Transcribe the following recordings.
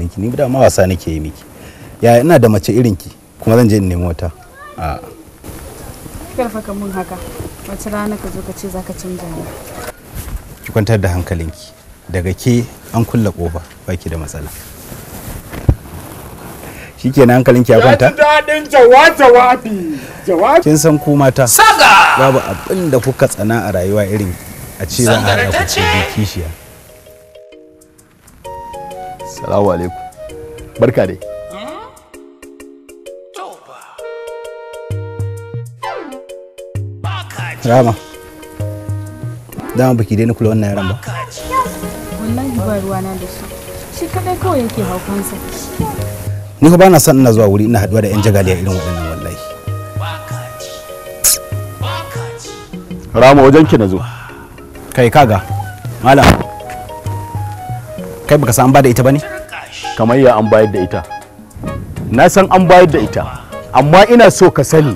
hankalinki ni da ma wasa nake yi miki ya ina da mace irin ki kuma zan je in nemi wata a karfa ka mun haka wace rana ka zo ka ce zaka canja ni ki kwantar da hankalinki daga ke an kulla kofa baki da matsala shikenan hankalinki ya kwanta da dadin jawabi jawabi kin san ku mata saga babu abin da kuka tsana a rayuwa irin a ce za a kishiya Assalamu alaikum. Barka dai. Rama. Dama baki dai na kula wannan yaran ba. Wallahi ba ruwa na da shi. Shi kadai kawai yake haukansa. Ni ba na son ina zuwa wuri ina haduwa da 'yan jagaliya irin waɗannan wallahi. Rama wajen ki na zo. Kai kaga. Malam. Kai baka san ba da ita ba ne? kamar ya an bayar da ita na san an bayar da ita amma ina so ka sani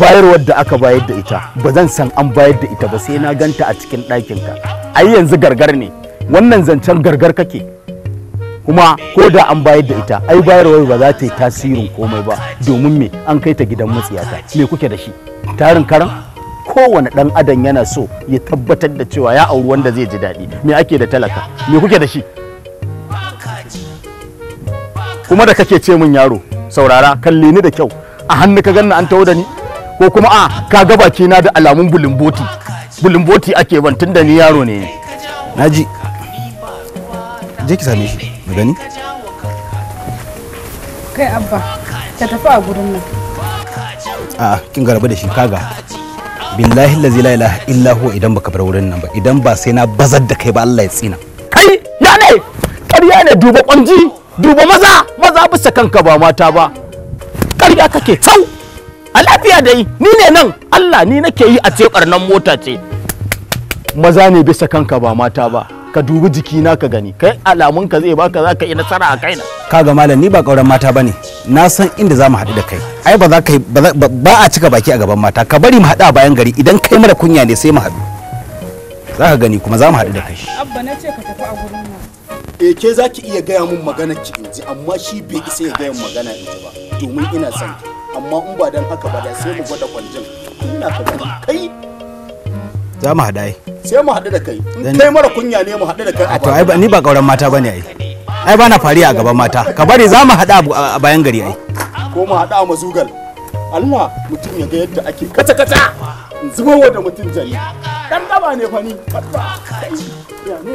bayarwar da aka bayar da ita ba zan san an bayar da ita ba sai na ganta a cikin ɗakin ka ai yanzu gargar ne wannan zancen gargar kake kuma ko da an bayar da ita ai bayarwar ba za ta yi tasirin komai ba domin me an kai ta gidan matsiyata me kuke da shi tarin karan kowane ɗan adam yana so ya tabbatar da cewa ya auri wanda zai ji daɗi me ake da talaka me kuke da shi kuma da kake ce min yaro saurara kalle ni da kyau a hannu ka ganna an taho da ni ko kuma a ka ga baki na da alamun bulimboti bulimboti ake ban tun da ni yaro ne naji je ki same shi mu gani kai abba ka tafi a gurin nan a kin garba da shi kaga billahi lazi la ilaha illa huwa idan baka bar wurin nan ba idan ba sai na bazar da kai ba Allah ya tsina kai ya ne ƙarya ne duba ƙwanji duba maza maza bisa kanka ba mata ba ƙarya kake can a lafiya dai ni ne nan Allah ni nake yi a ce nan mota ce maza ne bisa kanka ba mata ba ka dubi jikina ka gani kai alamun ka zai baka za ka yi nasara a kaina kaga malam ni ba kauran mata bane na san inda za mu haɗu da kai ai ba za ka ba a cika baki a gaban mata ka bari mu haɗu a bayan gari idan kai mara kunya ne sai mu haɗu za ka gani kuma za mu haɗu da kai abba na ce ka tafi a gurin eh ke za ki iya gaya mun magana ki inji amma shi bai isa ya gaya magana inji ba domin ina son amma in ba dan haka ba da sai mu gwada kwanjin ina ka gani kai za mu haɗa sai mu haɗu da kai kai mara kunya ne mu haɗu da kai a to ai ni ba gauran mata bane ai ai ba na fari a gaban mata ka bari za mu haɗu a bayan gari ai ko mu haɗu a mazugal Allah mutum ya ga yadda ake kata kata zubowa da mutum jani dan daba ne fani ni ya ne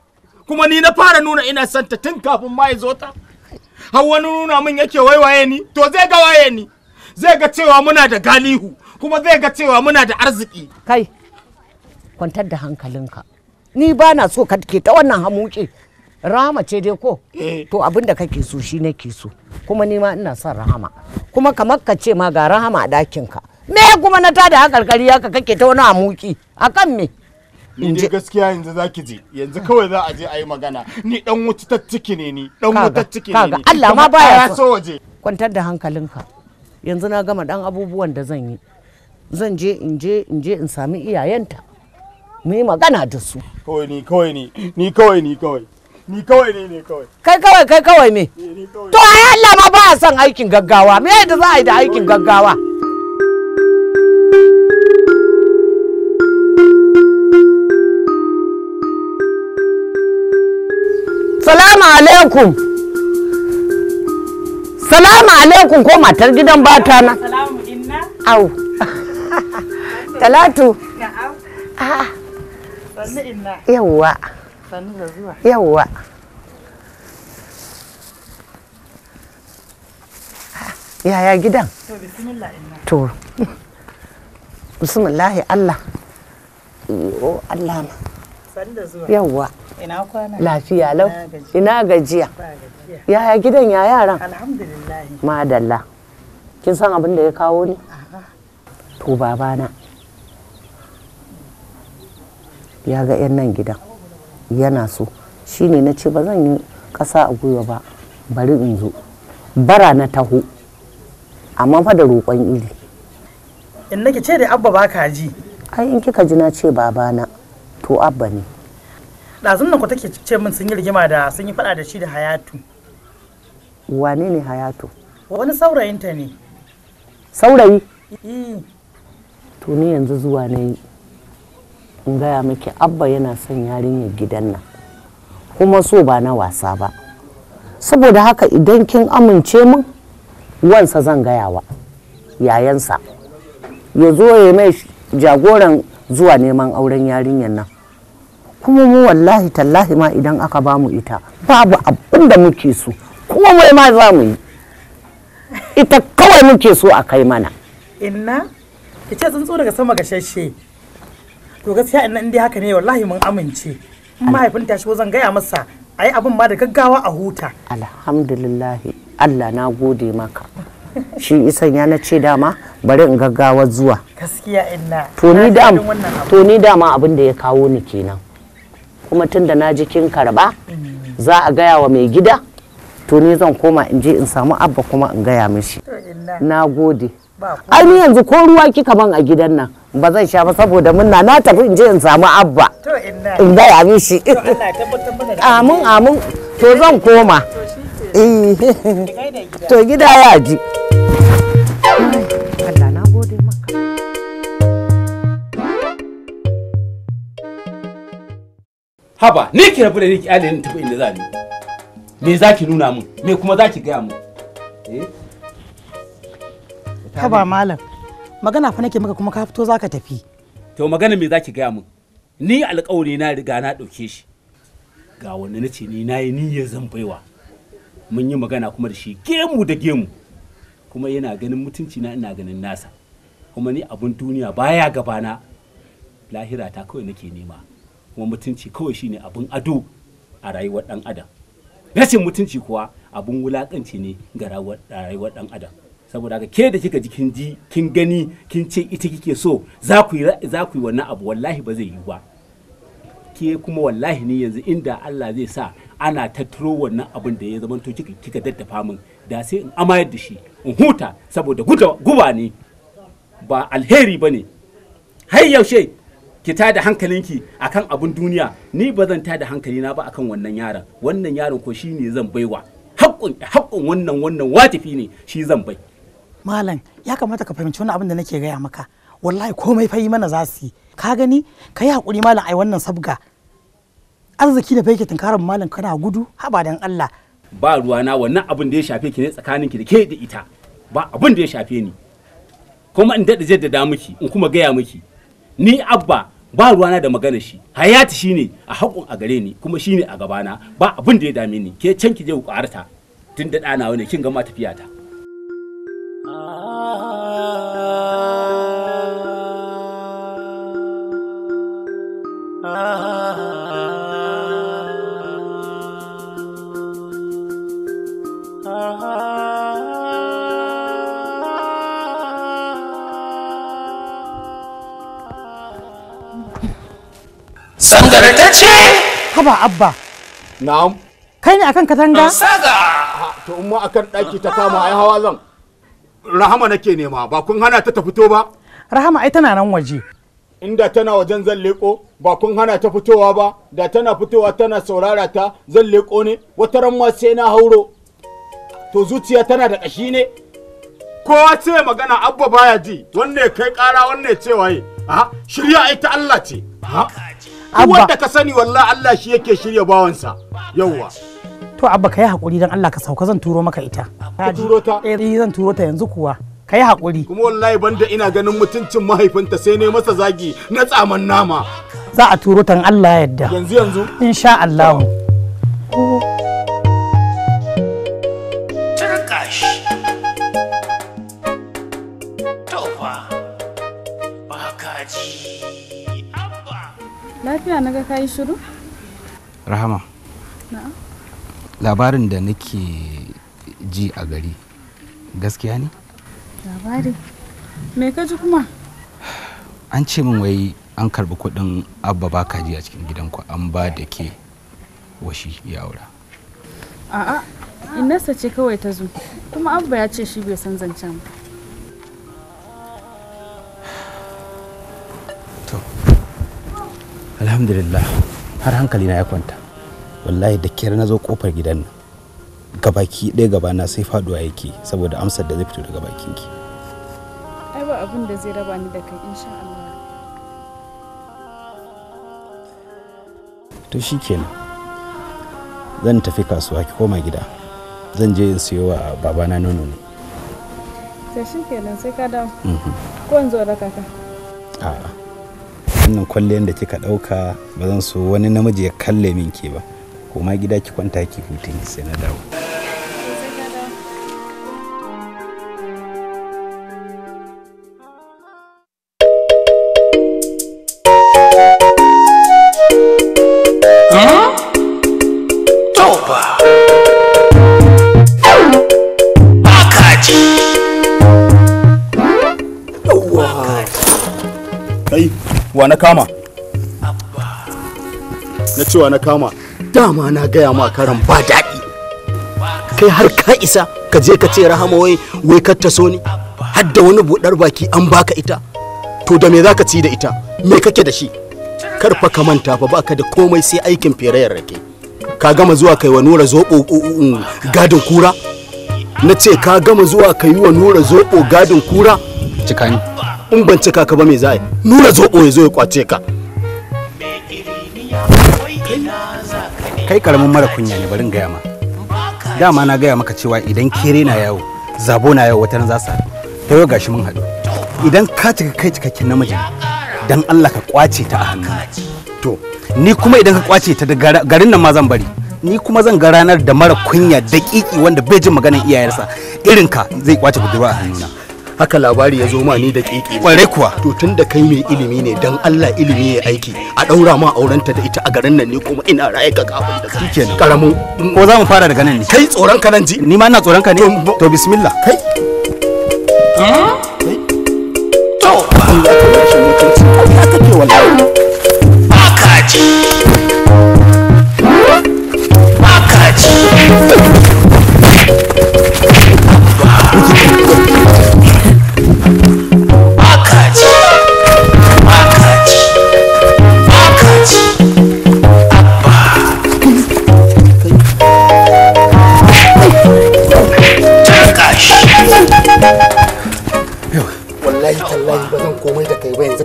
kuma ni na fara nuna ina santa tun kafin ma ya zo ta har wani nuna min yake waiwaye ni to zai ga waye ni zai ga cewa muna da galihu kuma zai ga cewa muna da arziki kai kwantar da hankalinka ni ba na so ka ke ta wannan hamuke rahama ce dai ko eh. to abin da kake so shi nake so kuma ni ma ina son rahama kuma kamar ka ce ma ga rahama a ɗakinka me kuma na tada hankalkari ka kake ta wani hamuki akan me ni gaskiya yanzu zaki je yanzu kawai za a je a yi magana ni dan wuta ta ciki ne ni dan wuta ciki ne ni Allah ma baya so waje kwantar da hankalinka yanzu na gama dan abubuwan da zan yi zan je in je in je in sami iyayenta mu yi magana da su kawai ni kawai ni ni kawai ni kawai ni kawai ni ne kawai kai kawai kai kawai me eh, to ai Allah ma ba son aikin gaggawa me yadda za a yi da aikin gaggawa salamu alaikum salamu alaikum ko matar gidan bata na au talatu ah. yawwa yawwa yaya gidan to bismillah allah Oh allah yawwa ina kwana lafiya lau ina gajiya yaya gidan ya yaran alhamdulillah madalla kin san abin da ya kawo ni to babana ya ga yan nan gidan yana so shine na ce ba zan yi ƙasa a gwiwa ba bari in zo bara na taho amma fa da roƙon iri in nake ce da abba ba ji ai in kika ji na ce babana to abba ne ɗazun nan ku take ce min sun yi rigima da sun yi faɗa da shi da hayatu wane ne hayatu wani saurayinta ne saurayi eh. to yanzu zuwa na yi in gaya miki abba yana son yarinyar gidan nan kuma so ba na wasa ba saboda haka idan kin amince min wansa zan gaya wa yayansa ya zo ya mai jagoran zuwa neman auren yarinyar nan kuma mu wallahi tallahi ma idan aka ba mu ita babu abin da muke so kuma mai ma za mu yi ita kawai muke so a kai mana inna ki ce tsuntsu daga sama ga shashe to gaskiya inna in dai haka ne wallahi mun amince in mahaifinta shi zan gaya masa a yi abin ma da gaggawa a huta alhamdulillah allah na gode maka shi isan ya na ce dama bari in gaggawa zuwa gaskiya inna to ni dama abin da ya kawo ni kenan kuma tun da na ji kin karba za a gaya wa mai gida to ni zan koma in je in samu abba kuma in gaya mishi na gode ai ni yanzu ko ruwa kika man a gidan nan ba zan sha ba saboda munna na tafi in je in samu abba in gaya mishi amin amin to zan koma to eh. gida ya ji haba ni ki rabu da ni ki ni tafi inda za ni me za ki nuna mun me kuma za ki gaya mun eh haba malam magana fa nake maka kuma ka fito zaka tafi to magana me za ki gaya mun ni alƙawari na riga na ɗauke shi ga wanda na ce ni na yi niyyar zan baiwa mun yi magana kuma da shi gemu da gemu kuma yana ganin mutunci na ina ganin nasa kuma ni abun duniya baya gabana lahira ta kawai nake nema kuma mutunci kawai shine abin ado a rayuwar dan adam rashin mutunci kuwa abin wulakanci ne ga rayuwar dan adam saboda haka ke da kika ji kin ji kin gani kin ce ita kike so za ku yi za ku wannan abu wallahi ba zai yi ba ke kuma wallahi ne yanzu inda Allah zai sa ana tattaro wannan abun da ya zama to kika daddafa min da sai in amayar da shi in huta saboda guba ne ba alheri bane ne har yaushe ki tada hankalinki akan abun duniya ni ba zan tada na ba akan wannan yaron wannan yaron ko shine zan baiwa haƙƙin haƙƙin wannan wannan watifi ne shi zan bai malam ya kamata ka fahimci wannan abin da nake gaya maka wallahi komai fa yi mana za su yi ka gani ka yi haƙuri malam ai wannan sabga arziki da fake tunkarar malam kana gudu haba dan Allah ba ruwa na, wannan abin da ya shafe ki ne tsakaninki da ke da ita ba abin da ya shafe ni kuma in daɗa jaddada miki in kuma gaya miki ni abba ba ruwana da magana shi hayati shine a haƙun a gare ni kuma shine a gabana ba abin da ya dame ni ke can ki je ku ƙarata tun da ɗana wani kin gama tafiya ta Ah, ah. ce haba abba na'am kai ne akan katanga saga to umma akan daki ta kama ai hawa zan rahama nake nema ba kun hana ta ta fito ba rahama ai tana nan waje inda tana wajen zan leko ba kun hana ta fitowa ba da tana fitowa tana saurara ta zan leko ne wata ran ma sai na hauro to zuciya tana da kashi ne kowa ce magana abba baya ji wanne kai kara wanne ce waye a ah, shirya ai ta Allah ce ah. abba wanda ka sani wallahi Allah shi yake shirya bawansa yawwa to abba kai hakuri dan Allah ka sauka zan turo maka ita ka turo ta eh, eh zan turo ta yanzu kuwa kai hakuri kuma wallahi banda ina ganin mutuncin mahaifinta sai ne masa zagi na tsaman nama za a turo ta Allah yadda yanzu yanzu insha Allah oh. lafiya na ga kayi shiru rahama labarin da nake ji a gari gaskiya ne labari me ka ji kuma an ce min wai an karbi kudin abba ba ka ji a cikin gidanku an ba da ke washi ya aura a'a inarsa ce kawai ta zo kuma abba ya ce shi bai san zancen ba alhamdulillah har hankali na ya kwanta wallahi da kyar na zo kofar gidan nan gabaki ɗaya na sai faduwa yake saboda amsar da zai fito daga bakin ki ai ba abin da zai raba ni da kai insha Allah to shikenan zan tafi kasuwa ki koma gida zan je in siyo wa babana nono ne to shikenan sai ka dawo mhm. ko in zo da kaka a'a wannan kwalliyar da kika ɗauka ba zan so wani namiji ya kalle min ke ba koma gida ki kwanta ki hutu sai na dawo wa na kama na cewa na kama dama na gaya ma karan ba daɗi kai har ka isa ka je ka ce rahama wai wai ka taso ni har da wani buɗar baki an baka ita to da me za ka ci da ita me kake da shi kar fa ka manta fa baka da komai sai aikin ferayar rake ka gama zuwa kai wa nura zoɓo gadin kura na ce ka gama zuwa kai wa nura zoɓo gadin kura cikani in ban cika ka ba me za nuna zoɓo ya zo ya kwace ka kai karamin mara kunya ne barin gaya ma dama na gaya maka cewa idan kere na yawo zabo na yawo wata za su ta yau gashi mun haɗu idan ka cika kai cikakken namiji dan Allah ka kwace ta a hannu to ni kuma idan ka kwace ta da garin nan ma zan bari ni kuma zan ga ranar da mara kunya daƙiƙi wanda bai jin maganar iyayensa ka zai kwace budurwa a hannuna haka labari ya zo ma ni da kiki kware kuwa to tun da kai mai ilimi ne dan Allah ilimi ya aiki a daura ma aurenta da ita a garin nan ne kuma ina raye ka kafin da kike karamu ko za mu fara daga nan ne kai tsoron ka nan ji ni ma ina tsoron ka ne to bismillah kai eh? to Allah ka bashi mutunci Allah ka ke wallahi bakaji bakaji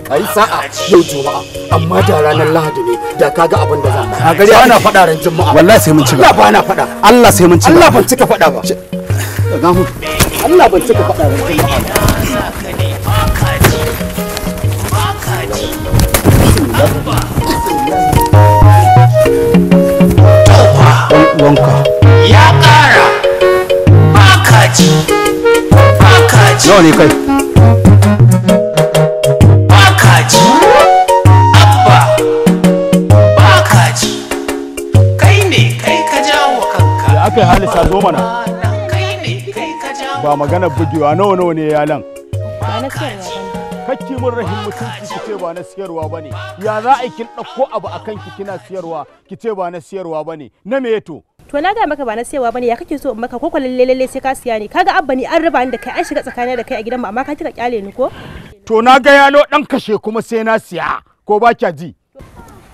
kai sa'a yau juma'a amma da ranar lahadi ne da kaga abin da zan a gari ana faɗa ran juma'a wallahi sai mun ci gaba ba na faɗa Allah sai mun ci Allah ban cika faɗa ba ga mu Allah ban cika faɗa ran juma'a wanka ya ƙara bakaji bakaji nawa ne kai ba magana bugewa nawa nawa ne yalan ba kakki mun rahim mutum ki ce ba na siyarwa bane ya za a kin ɗauko abu akan ki kina siyarwa ki ce ba na siyarwa bane na me to to na ga maka ba na siyarwa bane ya kake so in maka ko lalle lalle sai ka siya ni kaga abba ni an raba ni da kai an shiga tsakanin da kai a gidan mu amma ka kika kyale ni ko to na ga yalo dan kashe kuma sai na siya ko ba ki ji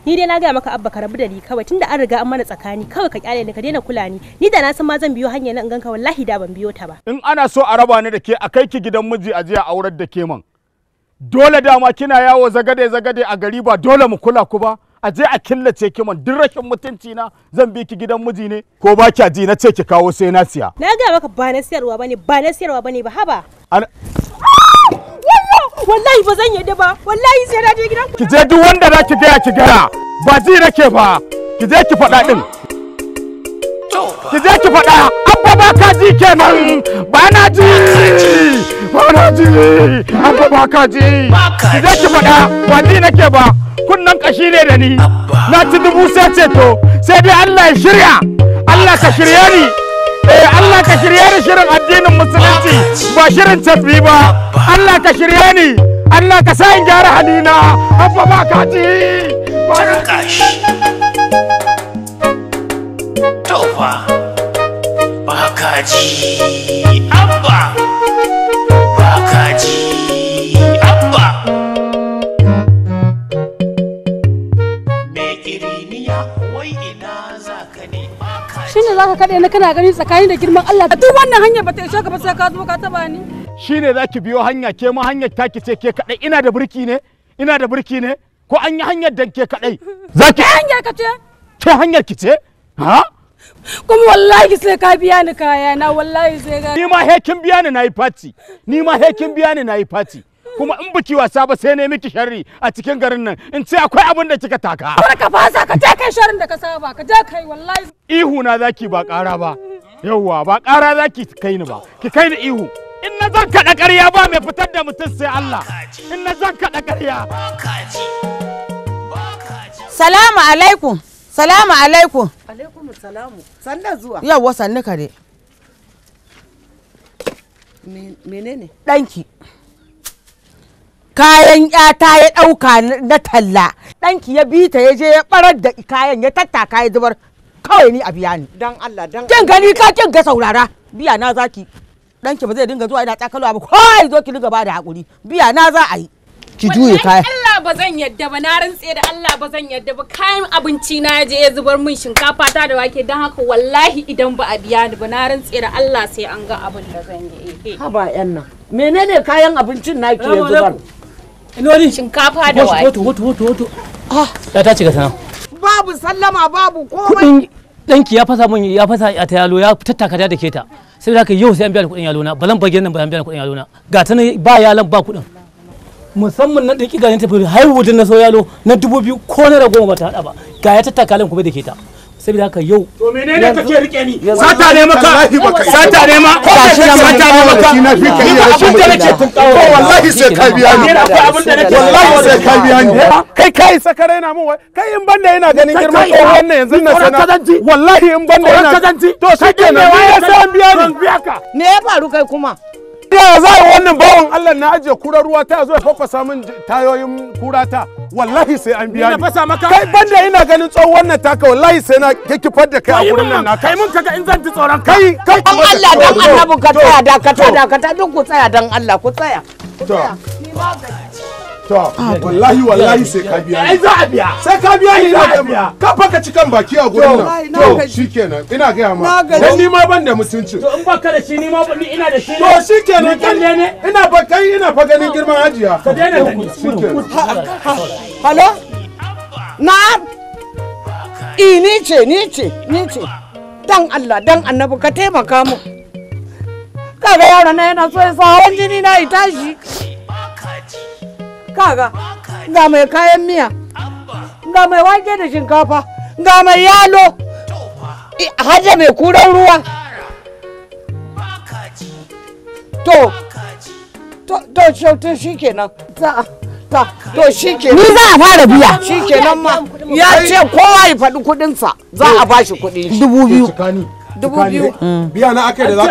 ni dai na gaya maka abba ka rabu da ni kawai tunda an riga an mana tsakani kawai ka kyale ni ka daina kula ni ni da na san ma zan biyo hanya na in ganka wallahi da ban biyo ta ba in ana so a raba ni da ke a kai ki gidan miji a jiya aurar da ke man dole dama kina yawo zagade zagade a gari ba dole mu kula ku ba a je a killace ki man duk rashin mutunci na zan bi ki gidan miji ne ko ba kya ji na ce ki kawo sai na siya na ga maka ba na siyarwa bane ba na siyarwa bane ba haba wallahi ba zan yadda ba wallahi sai na je gidan ki je duk wanda za ki gaya ki gaya ba ji nake ba ki je ki faɗa din ki je ki faɗa abba ba ka ji kenan ba na ji ba na ji abba ba ka ji ki je ki faɗa ba ji nake ba kunnan kashi ne da ni na ci dubu sai ceto sai dai Allah ya shirya Allah ka shirya ni eh Allah ka shirya ni shirin addinin musulunci ba shirin tafi ba Allah ka shirya ni Allah ka sa in gyara halina abba ba ka ji ba ji ka kaɗai na kana gani tsakani da girman Allah duk wannan hanya ba ta isa ka ba sai ka zo ka taba ni shine zaki biyo hanya ke ma hanyar taki ce ke kaɗai ina da burki ne ina da burki ne ko an yi hanyar dan ke kaɗai zaki hanyar ka ce ke hanyar ki ce ha kuma wallahi sai ka biya ni kaya na wallahi sai ka ni ma hekin biya ni nayi party ni ma hekin biya ni nayi party kuma in biki wasa ba sai ne miki sharri a cikin garin nan in ce akwai abin da kika taka kar ka fasa ka je kai sharrin da ka saba ka je kai wallahi ihu na zaki ba ƙara ba yauwa ba ƙara zaki kai ni ba ki kai ni ihu in na zan kaɗa ƙarya ba mai fitar da mutum sai Allah in na zan kaɗa ƙarya salamu alaikum salamu alaikum alaikum salamu sannan zuwa yawwa sannu kare menene ɗanki kayan yata ya ɗauka na talla ɗanki ya bi ta ya je ya barar da kayan ya tattaka ya zubar kawai ni a biya ni dan Allah dan kin gani ka kin ga saurara biya na zaki ɗanki ba zai dinga zuwa ina tsakalwa ba ko ai zo ki dinga ba da hakuri biya na za a yi ki juye kai Allah ba zan yadda ba na rantse da Allah ba zan yadda ba kayan abinci na je ya zubar min shinkafa ta da wake dan haka wallahi idan ba a biya ni ba na rantse da Allah sai an ga abin da zan yi eh, eh. haba yan nan menene kayan abincin naki ya zubar Inori. Shinkafa da wake. Hoto hoto hoto hoto. Ah. Ya ta cika sana. Babu sallama babu komai. Kudin danki ya fasa mun ya fasa a ta yalo ya tattaka da ke ta. Sai da yau sai an biya kudin yalo na. Balan bage nan ba an biya kudin yalo na. Ga ta ne ba yalan ba kudin. Musamman na dinki ga ta fari har wudin na so yalo na dubu biyu ko na goma ba ta hada ba. Ga ya tattaka lan kuma da ke ta. saboda haka yau to menene kake rike ni sata ne maka sata ne ma ko shi na sata ne maka ni abin da nake tunkawo wallahi sai ka biya ni wallahi sai ka biya ni kai kai sakare na mun kai in banda yana ganin girma ko wannan yanzu na sana wallahi in banda yana to shikenan ne sai an biya ni ne ya faru kai kuma ta ya za wannan bawan Allah na ajiye kura ruwa ta zo ya fafasa min tayoyin kura ta wallahi sai an biya ni fasa maka kai banda ina ganin tsawon wannan taka wallahi sai na kikifar da kai a gurin nan naka kai mun kaga in zan ji tsoron kai kai dan Allah dan Allah ka tsaya dakata dakata duk ku tsaya dan Allah ku tsaya ku tsaya ni ma Ah, to wallahi wallahi sai ka biya ai za a biya sai ka biya ni na biya ka faka cikan baki a gurin nan to shikenan ina ga ma dan ni ma ban da mutunci to in baka da shi ni ma ni ina da shi to shikenan kalle ne ina ba kai ina fa ganin girman hajiya ka daina da ni shikenan halo na'am i ni ce ni ce ni ce dan Allah dan annabi ka taimaka mu kaga yaron na yana so ya sa hawan jini na itashi kaga ga mai kayan miya ga mai wake da shinkafa ga mai yalo haja mai kuran ruwa to to to shi kenan ta to shi kenan ni za a fara biya shi kenan ma ya ce kowa ya faɗi kuɗinsa za a bashi kuɗin dubu biyu dubu biyu mm. biya na akai da za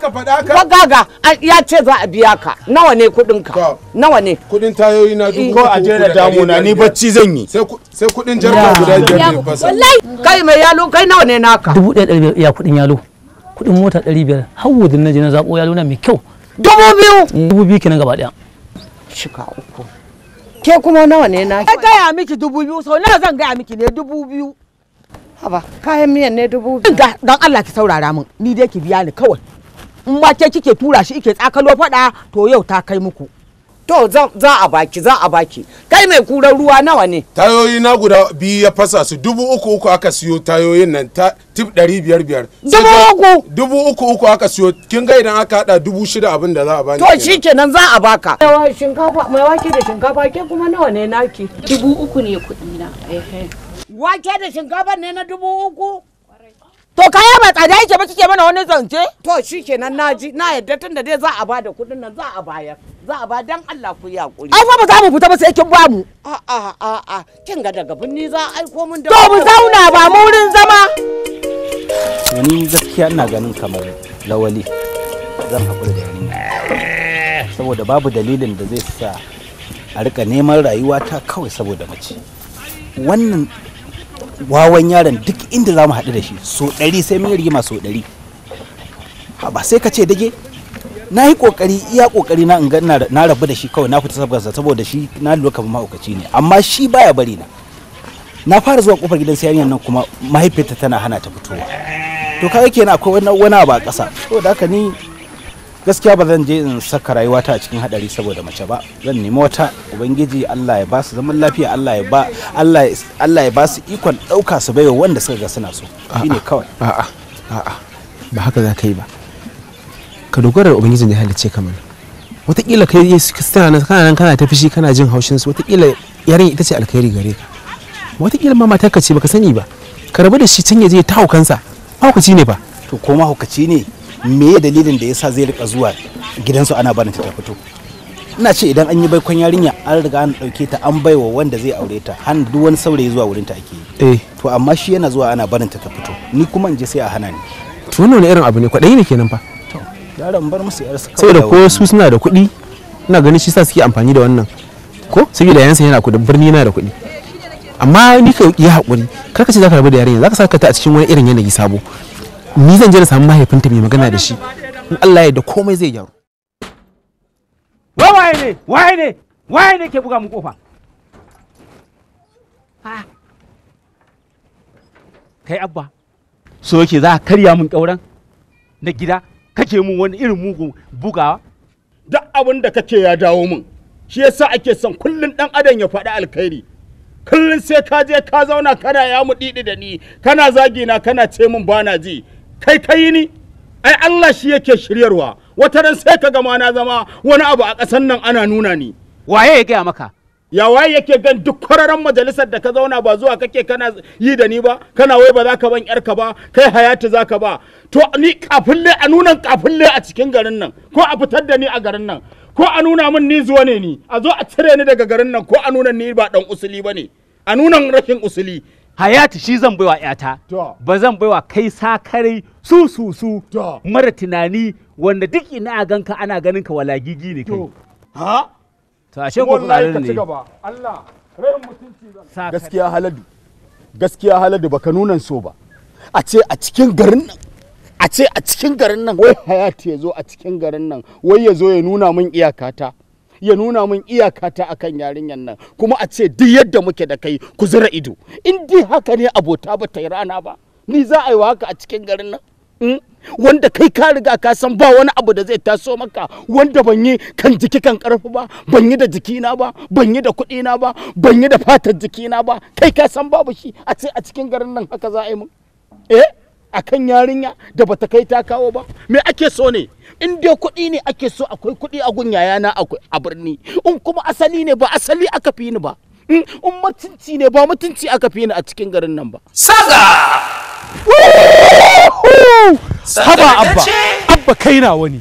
ka faɗa ka gaga ya ce za a biya ka nawa ne kudin ka nawa ne kuɗin tayoyi na dubu ko a jera damu na ni bacci zan yi sai kuɗin jarka guda biyar ne fasa kai mai yalo kai nawa ne naka dubu ɗaya ɗari biyar ya kudin yalo kudin mota ɗari biyar har wudin na je na zaɓo yalo na mai kyau dubu biyu mm, dubu biyu kenan gaba ɗaya shika uku ke kuma nawa ne na gaya miki dubu biyu sau nawa zan gaya miki ne dubu biyu haba kayan miyan ne dubu biyu don Allah ki saurara min ni dai ki biya ni kawai in ba ke kike tura shi ike tsakalo fada to yau ta kai muku to za a baki za a baki kai mai kuran ruwa nawa ne tayoyi na guda biyu ya fasa su dubu uku uku aka siyo tayoyin nan ta tip ɗari biyar biyar dubu uku dubu uku uku aka siyo kin ga idan aka hada dubu shida abin da za a bani to shi kenan za a baka shinkafa mai wake da shinkafa ke kuma nawa ne naki dubu uku ne kuɗi na eh, eh. Wake da shinkafa ne na dubu uku. To kaya ba tsada yake ba kike mana wani zance? To shi kenan na ji na yadda tun da dai za a bada kuɗin nan za a bayar. Za a ba dan Allah ku yi hakuri. Ai ba za mu fita ba sai kin ba mu. A a a a kin ga daga binni za a aiko mun da To mu zauna ba mu wurin zama. Ni gaskiya ina ganin kamar lawali zan haƙura da yarinya. Saboda babu dalilin da zai sa a rika neman rayuwa ta kawai saboda mace. Wannan wawan yaron duk inda zamu mu haɗu da shi so ɗari sai mun rigima so ɗari ba sai ka ce dage na yi kokari iya kokari na in na rabu da shi kawai na fita sabgarsa saboda shi na lura kamar mahaukaci ne amma shi baya bari na na fara zuwa kofar gidan sayariyar nan kuma mahaifiyarta tana hana ta fitowa to kaga kenan akwai wani abu a ƙasa to da haka ni gaskiya ba zan je in saka rayuwata a cikin hadari saboda mace ba zan nemi wata ubangiji Allah ya ba su zaman lafiya Allah ya ba Allah Allah ya ba su ikon dauka su baiwa wanda suka ga suna so shine kawai a'a a'a ba haka za ka yi ba ka dogara da ubangijin da halice ka mana wataƙila kai yesu kristina nan kana nan kana ta fishi kana jin haushin su wataƙila yaren ita ce alkhairi gare ka wataƙila ma matar ka ce baka sani ba ka rabu da shi can ya je ta haukansa haukaci ne ba to ko ma haukaci ne me ya dalilin da yasa zai rika zuwa gidansu ana barin ta fito ina ce idan an yi baikon yarinya an riga an dauke ta an baiwa wanda zai aure ta han duk wani saurayi zuwa wurin ta ake eh to amma shi yana zuwa ana barin ta fito ni kuma in je sai a hana ni to wannan irin abu ne kwaɗayi ne kenan fa to yaron bar musu yar su saboda ko su suna da kuɗi ina ganin shi sa suke amfani da wannan ko saboda yansa yana kuɗi birni yana da kuɗi amma ni ka yi hakuri kar ka ce za ka rabu da yarinya za ka saka ta a cikin wani irin yanayi sabo ni zan je na samu mahaifinta mai magana da shi in Allah ya da komai zai gyaru waye ne waye ne waye ne ke buga mu kofa kai abba so yake za ka karya mun kauran na gida kake mun wani irin mugu bugawa duk abin da kake ya dawo mun shi yasa ake son kullun dan adam ya faɗi alkhairi kullun sai ka je ka zauna kana ya mu didi da ni kana zagina kana ce mun bana ji kai ka yi ni ai Allah shi yake shiryarwa wata ran sai ka gama na zama wani abu a ƙasar nan ana nuna ni waye ya gaya maka ya waye yake gan duk kwararren majalisar da ka zauna ba zuwa kake kana yi da ni ba kana wai ba za ka ban yarka ba kai hayati za ka ba to ni kafulle a nunan kafulle a cikin garin nan ko a fitar da ni a garin nan ko a nuna min ni zuwa ne ni a zo a cire ni daga garin nan ko a nuna ni ba dan usuli ba ne a nunan rashin usuli hayati shi zan baiwa yata ba zan baiwa kai sakarai su su su mara tunani wanda duk ina a ganka ana ganin ka walagigi ne kai ha to ashe ko kulalar ne Allah rai mutunci gaskiya haladu gaskiya haladu baka nunan so ba a ce a cikin garin nan a ce a cikin garin nan wai hayati ya zo a cikin garin nan wai ya zo ya nuna min iyakata ya nuna min iyakata akan yarinyar nan kuma a ce duk yadda muke da kai ku zira ido in dai haka ne abota ba ta rana ba ni za a yi wa haka a cikin garin nan hmm? wanda kai ka riga ka san ba wani abu da zai taso maka wanda ban yi kan jiki kan karfi ba ban yi da jikina ba ban yi da na ba ban yi da fatar jikina ba kai ka san babu shi a ce a cikin garin nan haka za a yi mun eh akan yarinya da ba ta kai ta kawo ba me ake so ne in dai kuɗi ne ake so akwai kuɗi a gun yayana akwai a birni in kuma asali ne ba asali aka fi ni ba in mutunci ne ba mutunci aka fi ni a cikin garin nan ba saga haba abba abba kai na wani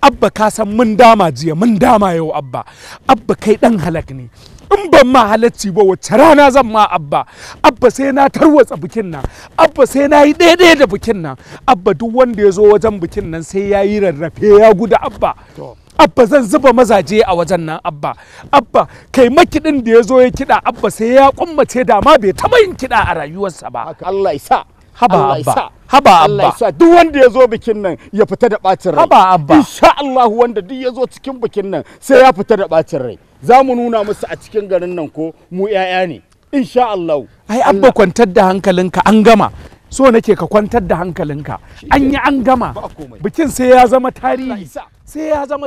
abba ka san mun dama jiya mun dama yau abba abba kai dan halak ne in ban ma halacci ba wacce rana zan ma abba abba sai na tarwatsa bikin nan abba sai na yi daidai da bikin nan abba duk wanda ya zo wajen bikin nan sai ya yi rarrafe ya guda abba abba zan zuba mazaje a wajen nan abba abba kai makiɗin da ya zo ya kiɗa abba sai ya kummace da ma bai taɓa yin kiɗa a rayuwarsa ba Allah ya sa haba abba haba abba Allah ya duk wanda ya zo bikin nan ya fita da bacin rai haba abba insha Allah wanda duk ya zo cikin bikin nan sai ya fita da bacin rai za mu nuna musu a cikin garin nan ko mu yaya ne insha Allah ai abba kwantar da hankalinka an gama so nake ka kwantar da hankalinka an yi an gama bikin sai ya zama tarihi sai ya zama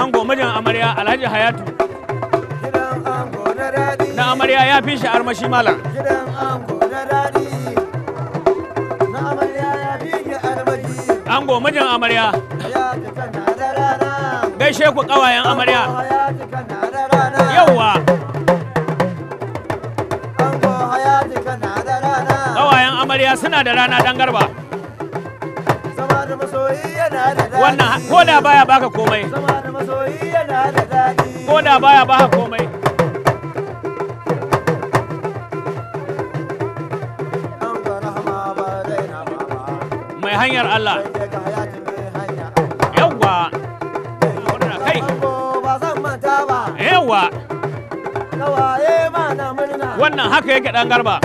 ango majan amarya alhaji hayatu na amarya ya fi shi armashi malam ango mijin amarya gaishe ku kawayen amarya yawa kawayen amarya suna da rana dan garba wannan ko da baya baka komai ko da baya baka komai mai hanyar Allah ba. yawa wannan haka yake dan garba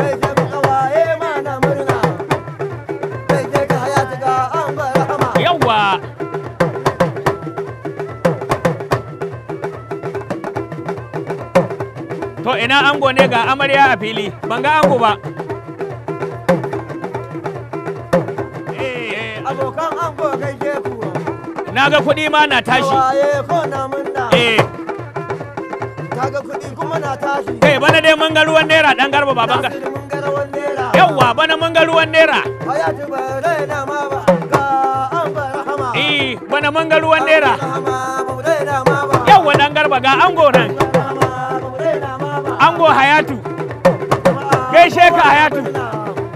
yawa to ina ango ne ga amarya a fili ban ga ango ba na ga kuɗi ma na tashi eh kuma na tashi kai eh, bana dai mun ga ruwan naira dan garba baban ga yawa bana mun ga ruwan naira eh bana mun ga ruwan naira yawa dan garba ga ango nan ango hayatu gaishe ka hayatu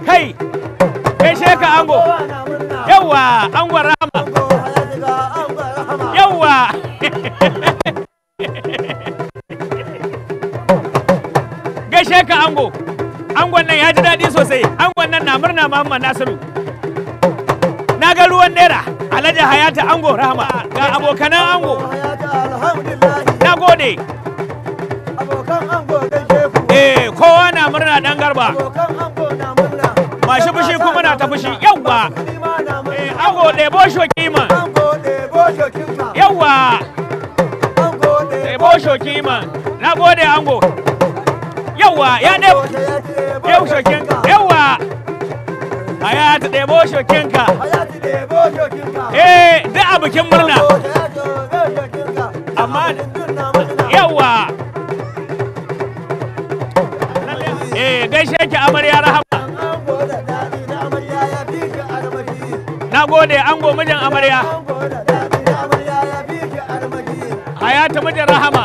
kai gaishe ka ango yawa ra na murna Muhammad Nasiru. Na ga ruwan naira Alhaji Hayata Ango Rahama ga abokanan Ango. Na gode. Eh kowa na murna dan garba. Mashi fushi kuma na ta fushi yawwa. Eh Ango ɗebo shoki man. Yawwa. Ɗebo shoki ma. Na gode Ango. Yawwa ya ɗebo. Yawwa shokin. Yawwa. hayati ɗebo shokinka hayati ɗebo shokinka eh duk a bikin murna amma yawa eh gaishe ki amarya rahama na gode ango mijin amarya hayati mijin rahama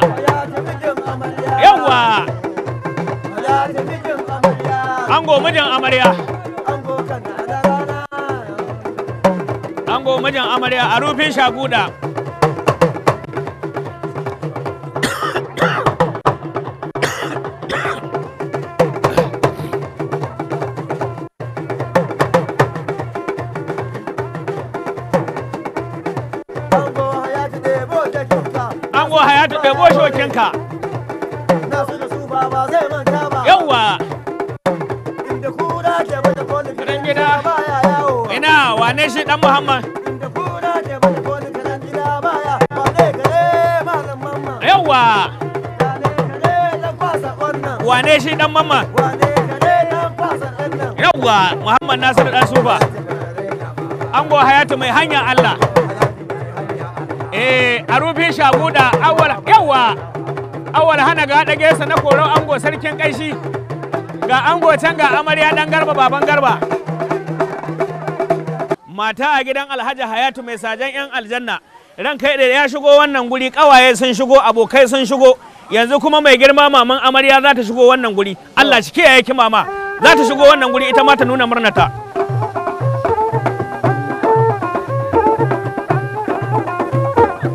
yawa ango mijin amarya ango mijin amarya a rufin shaguda Ango hayatu ɗebo shokinka. Yawwa! Ina wane shi ɗan Muhammad? wane shi dan mamma yawwa muhammad nasir dan sufa ango hayatu mai hanya allah eh a rufe shaguda awal yawwa awal hana ga haɗa gesa na koro ango sarkin kaishi ga ango can ga amarya dan garba baban garba mata a gidan alhaji hayatu mai sajan yan aljanna ran kai da ya shigo wannan guri ƙawaye sun shigo abokai sun shigo yanzu kuma mai girma maman amarya za ta shigo wannan guri Allah shi kiyaye ki mama za ta shigo wannan guri ita ma ta nuna murnata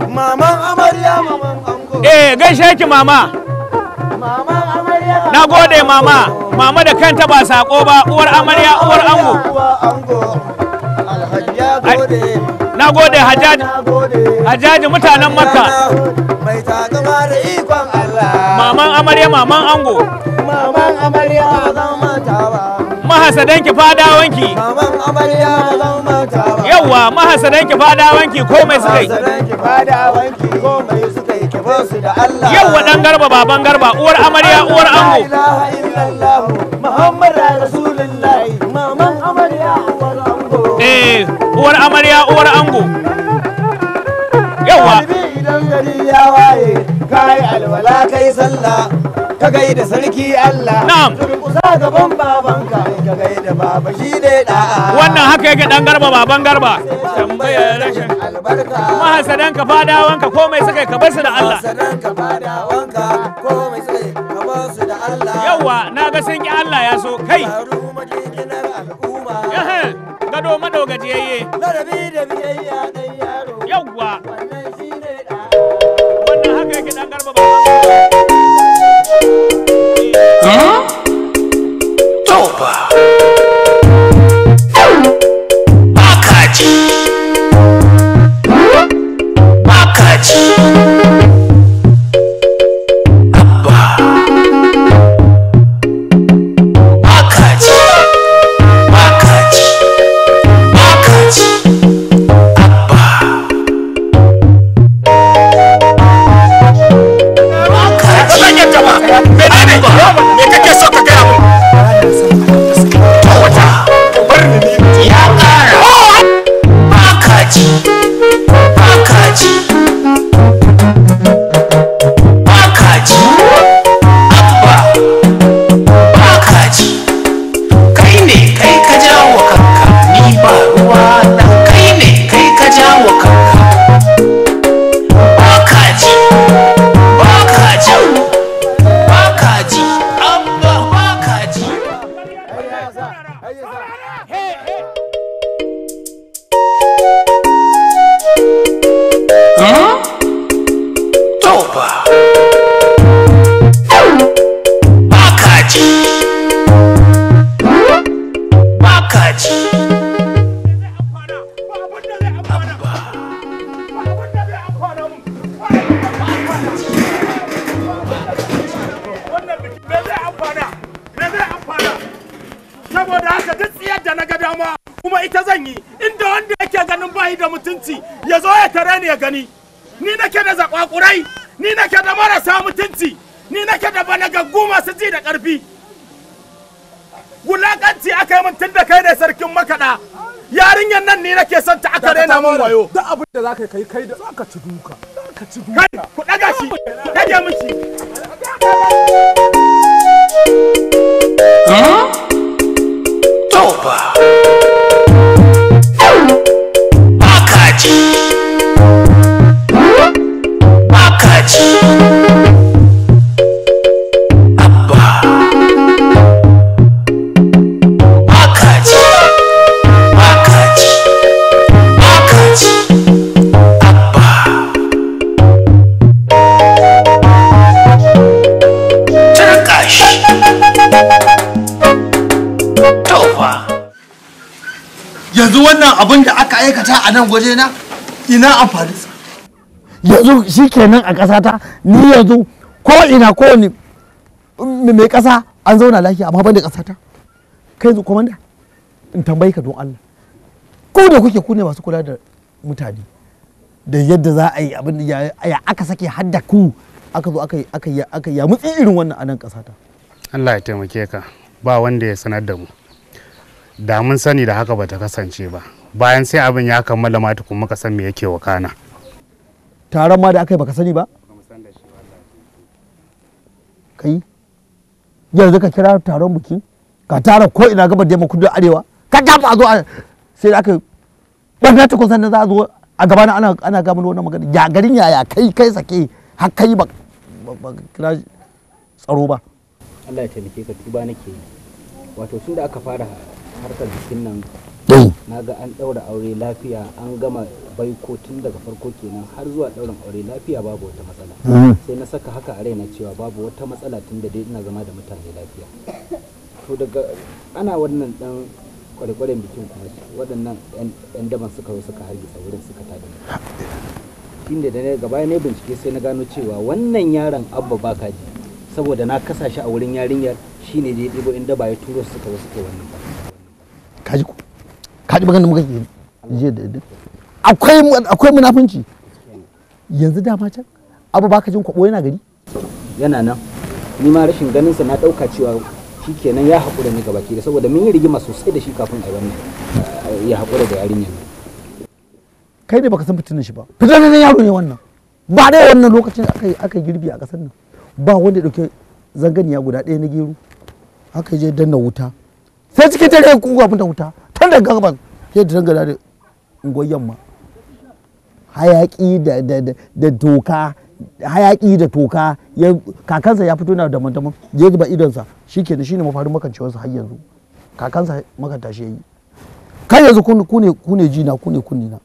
maman amarya maman ango eh gaishe ki mama maman amarya na gode mama mama da kanta ba sako ba uwar amarya uwar ango alhaji ya gode na gode hajjaji hajjaji mutanen makka mai maman amarya maman ango maman amarya fadawanki maman amarya yawa yi fadawanki komai su da yawa dan garba baban garba uwar amarya uwar ango muhammadu rasul eh uwar amarya uwar ango yawa idan gari ya waye kai alwala kai sallah ka gaida sarki Allah na'am kusa gaban babanka ka gaida baba shi ne da'a wannan haka yake dan garba baban garba tambayar rashin albarka mahasadan ka fadawan ka komai suka ka bar su da Allah mahasadan ka fadawan ka komai suka ka bar su da Allah yawa na ga sun ki Allah ya so kai gado madaugajiyayye. Larabi da biyayya kaɗa yarinyar nan ne nake son ta aka rena mun wayo da abin da zaka kai kai da zaka ci duka zaka ci duka kai ku daga shi miki mishi Toba Thank you. wannan abin da aka aikata a nan waje na ina amfani yanzu shi kenan a ƙasata ni yanzu ko ina ko ni mai ƙasa an zauna lafiya amma ban da ƙasata kai yanzu komanda in tambayi ka don Allah ko da kuke ku masu kula da mutane da yadda za a yi abin ya aka sake hadda ku aka zo aka aka ya mutsi irin wannan a nan ƙasata Allah ya taimake ka ba wanda ya sanar da mu da mun sani da haka bata kasance ba bayan sai abin ya kammala ma tukun muka san me yake wakana taron ma da aka yi baka sani ba kai yanzu ka kira taron buki ka tara ko ina gaba da kudu arewa ka tafi a zo sai da aka barna ta da za a zo a gaba na ana ana gama wannan magana ya garin yaya kai kai sake har kai ba kira tsaro ba Allah ya taimake ka tuba nake wato tun da aka fara harkar bikin nan na ga an ɗaura aure lafiya an gama baiko tun daga farko kenan har zuwa ɗaurin aure lafiya babu wata matsala hmm. sai na saka haka a raina cewa babu wata matsala tun da dai ina zama da mutane lafiya to daga ana wannan dan kwarekwaren bikin kuma waɗannan ɗan daban suka zo suka hargitsa wurin suka tada da gaba ne bincike sai na gano cewa wannan yaron abba baka ji saboda na kasa shi a wurin yarinyar shine da ya ɗibo in ba ya turo suka wasu ke wannan ba kaji kaji da muka ke je da duk akwai akwai munafunci yanzu dama can abu baka jin kwabo yana gari yana nan ni ma rashin ganin sa na dauka cewa shikenan ya haƙura ne gabaki da saboda mun yi rigima sosai da shi kafin a wannan eh, ya haƙura da yarinya. kai ne baka san fitinan shi ba fitinan yaro ne wannan ba da wannan lokacin aka aka girbi a kasar nan ba wanda ya zangani ya guda ɗaya na gero aka je danna wuta sai cikin tare ya kuka mun da wuta tun da gabas ke ta dangana da unguwar ma. hayaki da doka hayaki da toka kakansa ya fito na daban daban ya zuba idonsa shi ne mafarin makancewarsa har yanzu kakansa makanta shi ya yi. kai yanzu ku ne jina ku ne kunni na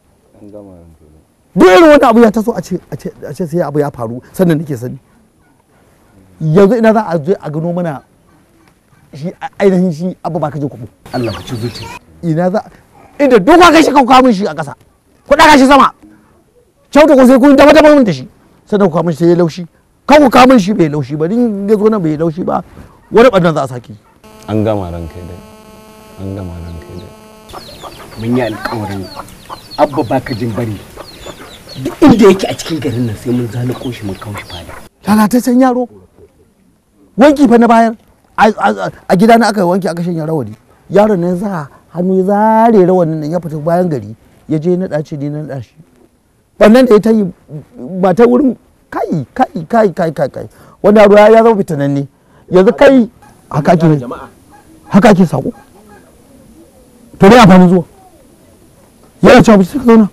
duk irin wani abu ya taso a ce a ce sai abu ya faru sannan nake sani yanzu ina za a zo a gano mana shi ainihin shi abu ba kaje kuɓu Allah ka ci zuci ina za inda duk ka shi ka kawo min shi a ƙasa ku ɗaga shi sama kyauta ko sai kun dama dama mun da shi sannan ku kawo min sai ya laushi kan ku kawo min shi bai laushi ba din ga zo nan bai laushi ba wani ɓannan za a saki an gama ran kai dai an gama ran kai dai mun yi alƙawarin abba ka jin bari duk inda yake a cikin garin nan sai mun ko shi mun kawo shi fada lalataccen yaro wanki fa na bayar a gida na aka wanke aka shanya rawani yaron nan za hannu ya zare rawanin nan ya fita bayan gari ya je na dace ne na dashi wannan da ya ta yi ba ta wurin kai kai kai kai kai kai wanda ruwa ya zama ne, yanzu kai haka ke haka ke sako to dai amfanin zuwa yana cewa sai ka zauna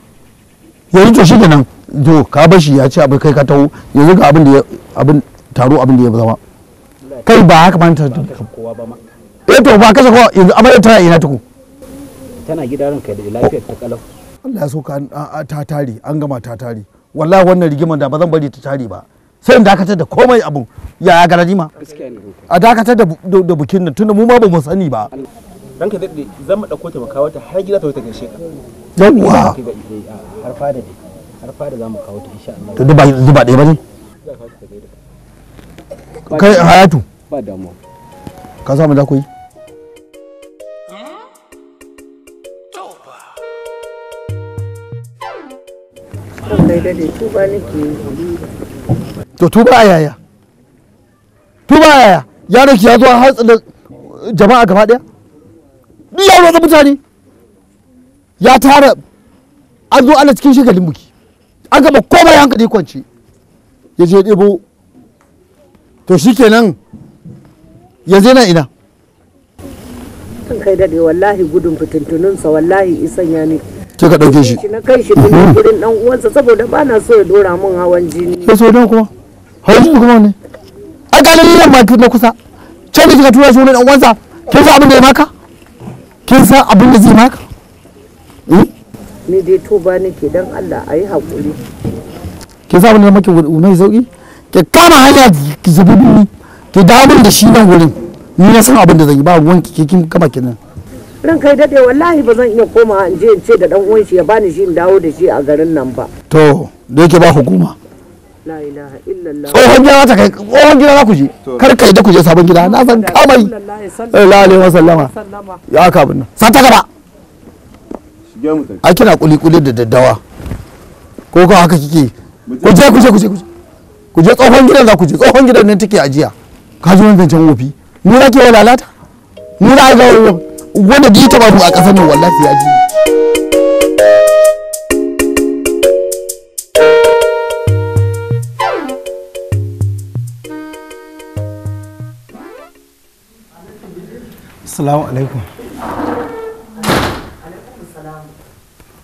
yanzu to shi kenan to ka bashi ya ce abin kai ka taho yanzu ga abin da abin taro abin da ya zama kai ba haka manta ta kowa ba ma eh to ba kasa ko yanzu amarya tana ina tuku tana gida kai da lafiyar ta kalau Allah ya so ka ta tare an gama ta tare wallahi wannan rigimar da ba zan bari ta tare ba sai in dakatar da komai abun ya garaji ma a dakatar da bukin nan tunda mu ma ba mu sani ba dan ka daɗe zan mu dauko ta makawa ta har gida ta wuta gaishe ka yawwa eh, har fada har fada za mu kawo ta insha Allah to duba zuba dai ba ne kai hayatu ba damuwa ka samu da ku yi to tuba a yaya tuba a yaya yaron ki ya zo hatsi da jama'a gaba daya duk ya zo mutane ya tara an zo ana cikin shigalin buki an gaba komai hankali kwanci ya je ɗebo to shi nan yanzu yana ina kan kai dade wallahi gudun fitintununsa wallahi isan ya ne ka dauke shi na kai shi bin gurin mhm. dan uwansa saboda ba na so ya dora mun hawan jini Ya so dan kuma hawan jini kuma ne a ga nan ma na kusa can da kika tura shi wani dan uwansa kin san abin da ya maka kin san abin da zai maka hmm? ni dai to ba nake dan Allah ayi hakuri kin san abin da ya maka wani sauki ki kama hanya ki zubi duni ki dawo da shi nan wurin ni na san abin da zan yi ba wanki ki kin kama kenan ran kai dade wallahi ba zan iya koma in je in ce da dan uwan shi ya bani shi in dawo da shi a garin nan ba to da yake ba hukuma tsohon gida ta kai tsohon gida za ku je kar kai da ku je sabon gida na san kamai sallallahu alaihi wasallama ya ka bin nan sata gaba a kina kuli kuli da daddawa ko ka haka kike ku je ku je ku je ku je ku je tsohon gidan za ku je tsohon gidan nan take ajiya ka ji wannan zancen wofi ni na ke walalata ni na ga wanda bi ta babu a kasar nan wallahi ya ji Assalamu alaikum.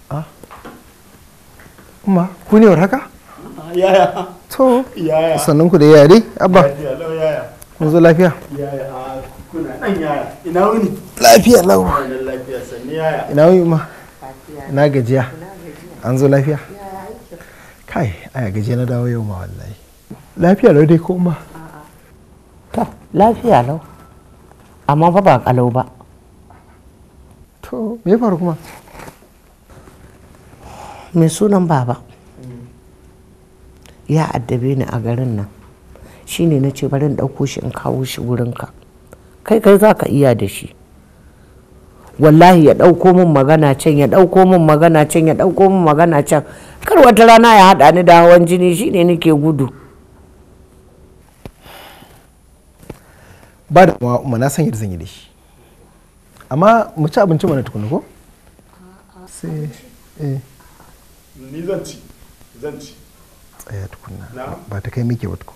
Ah? Kuma ku ne war Ya to sannan ku da yare abba kun zo lafiya lafiya lau ina wuni ma na gajiya an zo lafiya kai aya gajiya na dawo yau ma wallahi lafiya lau dai ko ma lafiya lau amma fa ba kalau ba to me faru kuma mai sunan baba ya addabe ni a garin nan shine na ce bari in ɗauko shi in kawo shi wurinka kai kai za ka iya da shi wallahi ya ɗauko min magana can ya ɗauko min magana can ya ɗauko min magana can kar wata rana ya haɗa ni da hawan jini shine nake gudu ba da kuma na san yadda zan yi da shi amma mu ci abinci mana tukuna ko sai eh ni zan ci zan ci tsaya tukunna ba ta kai miki wadko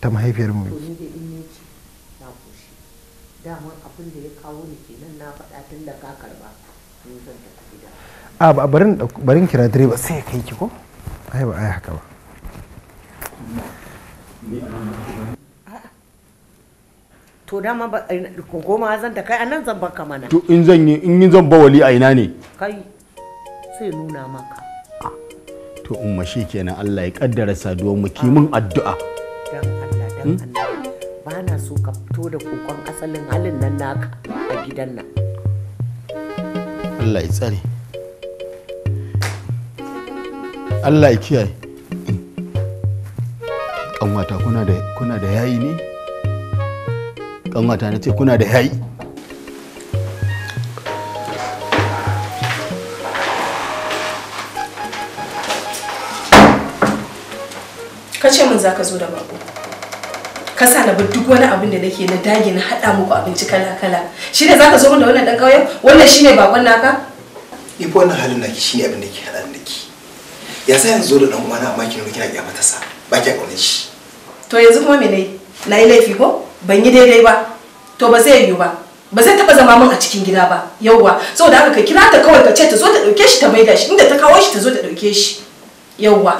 ta mahaifiyar mu ne daman abin da ya kawo ni kenan na faɗa tun da ka karba ni zan tafi gida a ba barin barin kira direba sai ya kai ki ko ai ba ai haka ba to dama ba goma eh, zan ta kai anan zan baka mana to in zan yi in yi zan ba wali a ina ne kai sai nuna maka to umma shi kenan Allah ya kaddara saduwar mu kimin addu'a dan Allah dan hmm? Allah ba na so ka fito da kokon asalin halin nan naka a gidan nan Allah ya tsare Allah ya kiyaye kanwata kuna da kuna da yayi ne kanwata na ce kuna da yayi ka ce min za ka zo da bako ka sa na duk wani abin da nake na dage na haɗa muku abinci kala kala shi ne za ka zo min da wannan ɗan ƙauyen wannan shi ne bakon naka ibo wannan halin naki shi ne abin da ke haɗa da ki ya sa yanzu da ɗan uwana amma kin kina ƙyamata sa ba kya ƙaunar shi to yanzu kuma me ne na yi laifi ko ban yi daidai ba to ba zai yiwu ba ba zai taba zama min a cikin gida ba yauwa saboda haka ka kira ta kawai ka ce ta zo ta dauke shi ta maida shi inda ta kawo shi ta zo ta dauke shi yauwa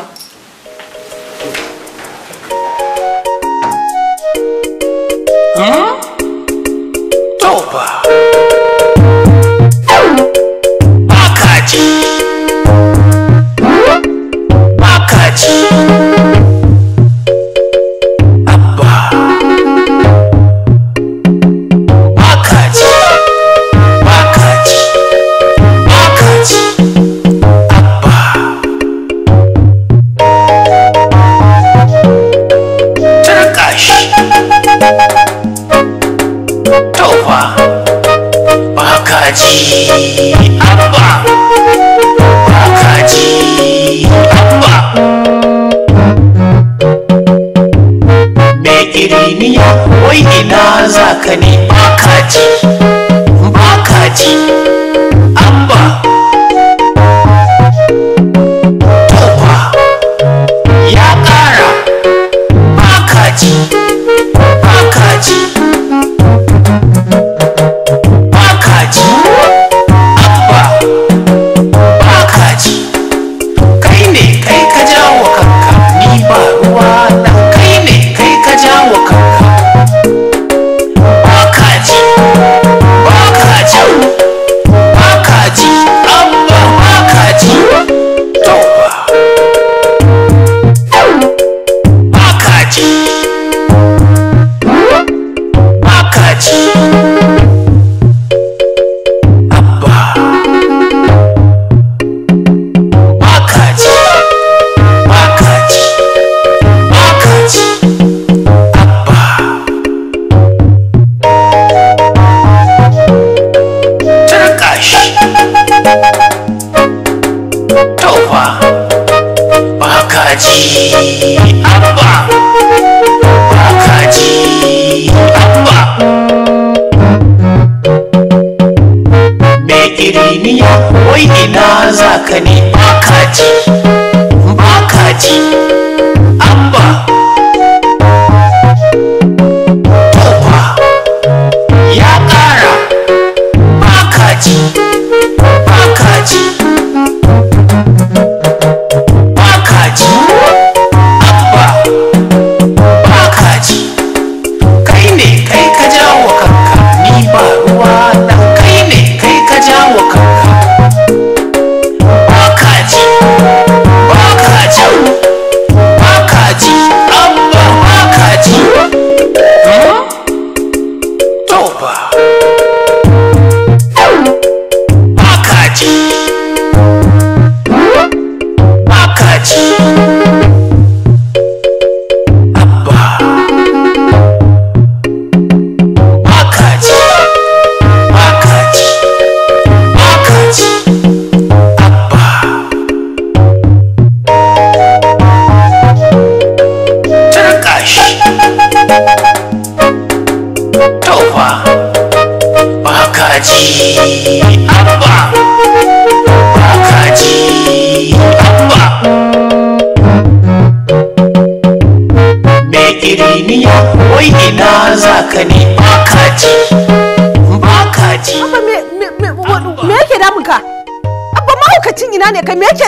kaji abba ba kaji abba me iriniya wai ina zaka ka ne ba kaji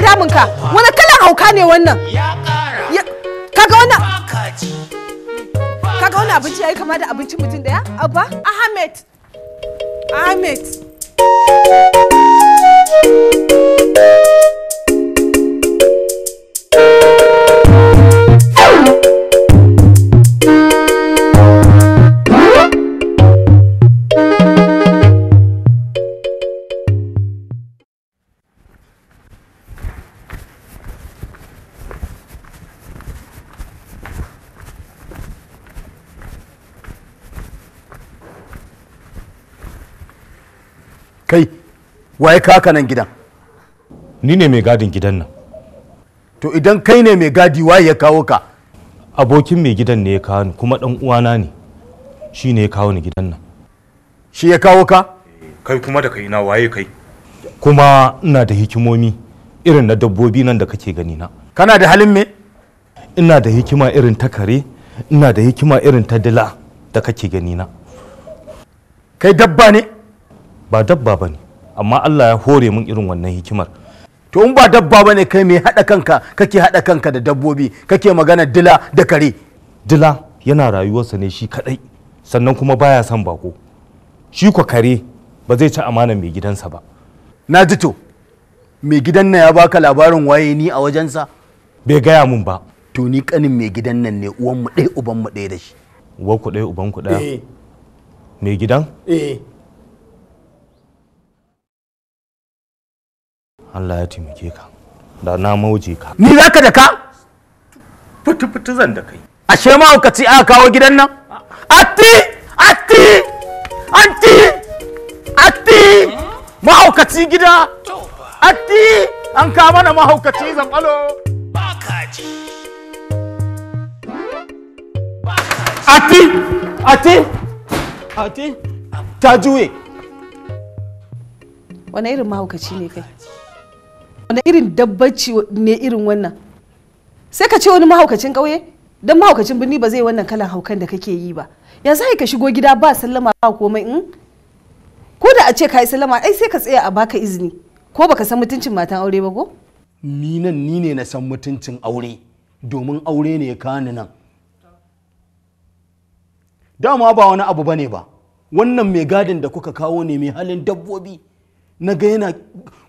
damun ka wani kalan hauka ne wannan kaga wannan kaga wannan abinci yayi kama da abincin mutum daya abba ahmed ahmed waye kaka nan gidan ni ne mai gadin gidan nan to idan kai ne mai gadi waye ya kawo ka abokin mai gidan ne ya kawo ni kuma dan uwana ne shi ne ya kawo ni gidan nan shi ya kawo ka kai kuma da kai na waye kai kuma ina da hikimomi irin na dabbobi nan da kake gani na kana da halin me ina da hikima irin ta kare ina da hikima irin ta dila da kake gani na kai dabba ne ba dabba ba ne amma Allah ya hore mun irin wannan hikimar to in ba dabba ba ne kai mai haɗa kanka kake haɗa kanka da dabbobi kake magana dila da kare dila yana rayuwarsa ne shi kaɗai, sannan kuma baya son bako shi ko kare ba zai ci amanar mai gidansa ba na ji to mai gidan nan ya baka labarin waye ni a wajensa bai gaya mun ba to ni kanin mai gidan nan ne uwan mu ɗaya uban mu ɗaya da shi uwan ku ɗaya uban ku ɗaya eh. mai gidan eh Allah ya taimake ka da na mauje ka ni zaka da ka fitu fitu zan da kai ashe ma ka ci aka kawo gidan nan atti atti anti atti mahaukaci gida atti an ka mana mahaukaci zan alo ba ka ji ta juye wani irin mahaukaci ne kai wani irin dabbaci ne irin wannan sai ka ce wani mahaukacin ƙauye don mahaukacin birni ba zai wannan kalan haukan da kake yi ba ya za ka shigo gida ba sallama ba komai in hmm? ko da a ce ka yi sallama ai sai ka tsaya a baka izini ko baka san mutuncin matan aure ba ko ni nan ni ne na san mutuncin aure domin aure ne ya kani nan dama ba wani abu bane ba wannan mai gadin da kuka kawo ne mai halin dabbobi na ga yana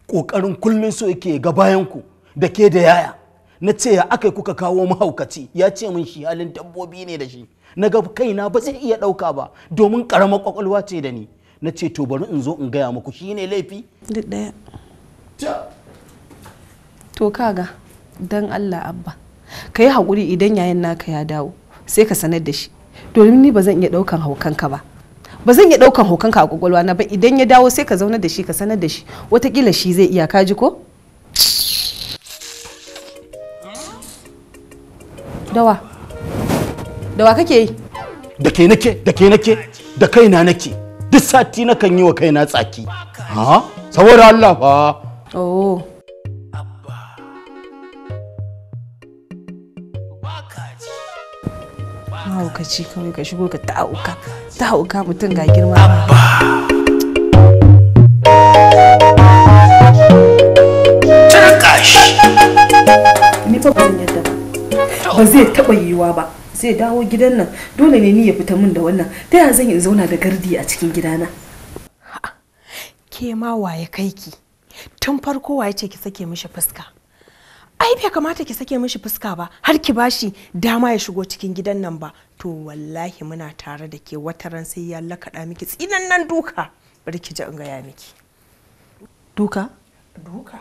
ƙoƙarin kullum so yake ga bayanku da ke da yaya na ce ya aka kuka kawo mahaukaci ya ce min shi halin dabbobi ne da shi na ga kaina ba zai iya ɗauka ba domin ƙaramar ƙwaƙwalwa ce da ni na ce to bari in zo in gaya muku shi ne laifi duk ɗaya to kaga dan allah abba ka yi haƙuri idan yayin naka ya dawo sai ka sanar da shi domin ni ba zan iya ɗaukan haukanka ba ba zan iya daukan hokanka ka kwakwalwa na ba idan ya dawo sai ka zaunar da shi ka sanar da shi watakila shi zai iya kaji ko dawa dawa kake yi da ke nake da ke nake da kaina nake duk sati na kan yi wa kaina tsaki ha saboda Allah fa oh mahaukaci kawai ka shigo ka ta'auka ta hauka mutum ga girma ba ni fa ban yadda ba zai taba yiwuwa ba zai dawo gidan nan dole ne ni ya fita min da wannan ta yaya zan yi zauna da gardi a cikin gidana ke ma waye kai ki tun farko waye ce ki sake mishi fuska ai bai kamata ki sake mishi fuska ba har ki bashi dama ya shigo cikin gidan nan ba to wallahi muna tare da ke wata ran sai ya lakaɗa miki tsinan duka bari ki ji in gaya miki duka duka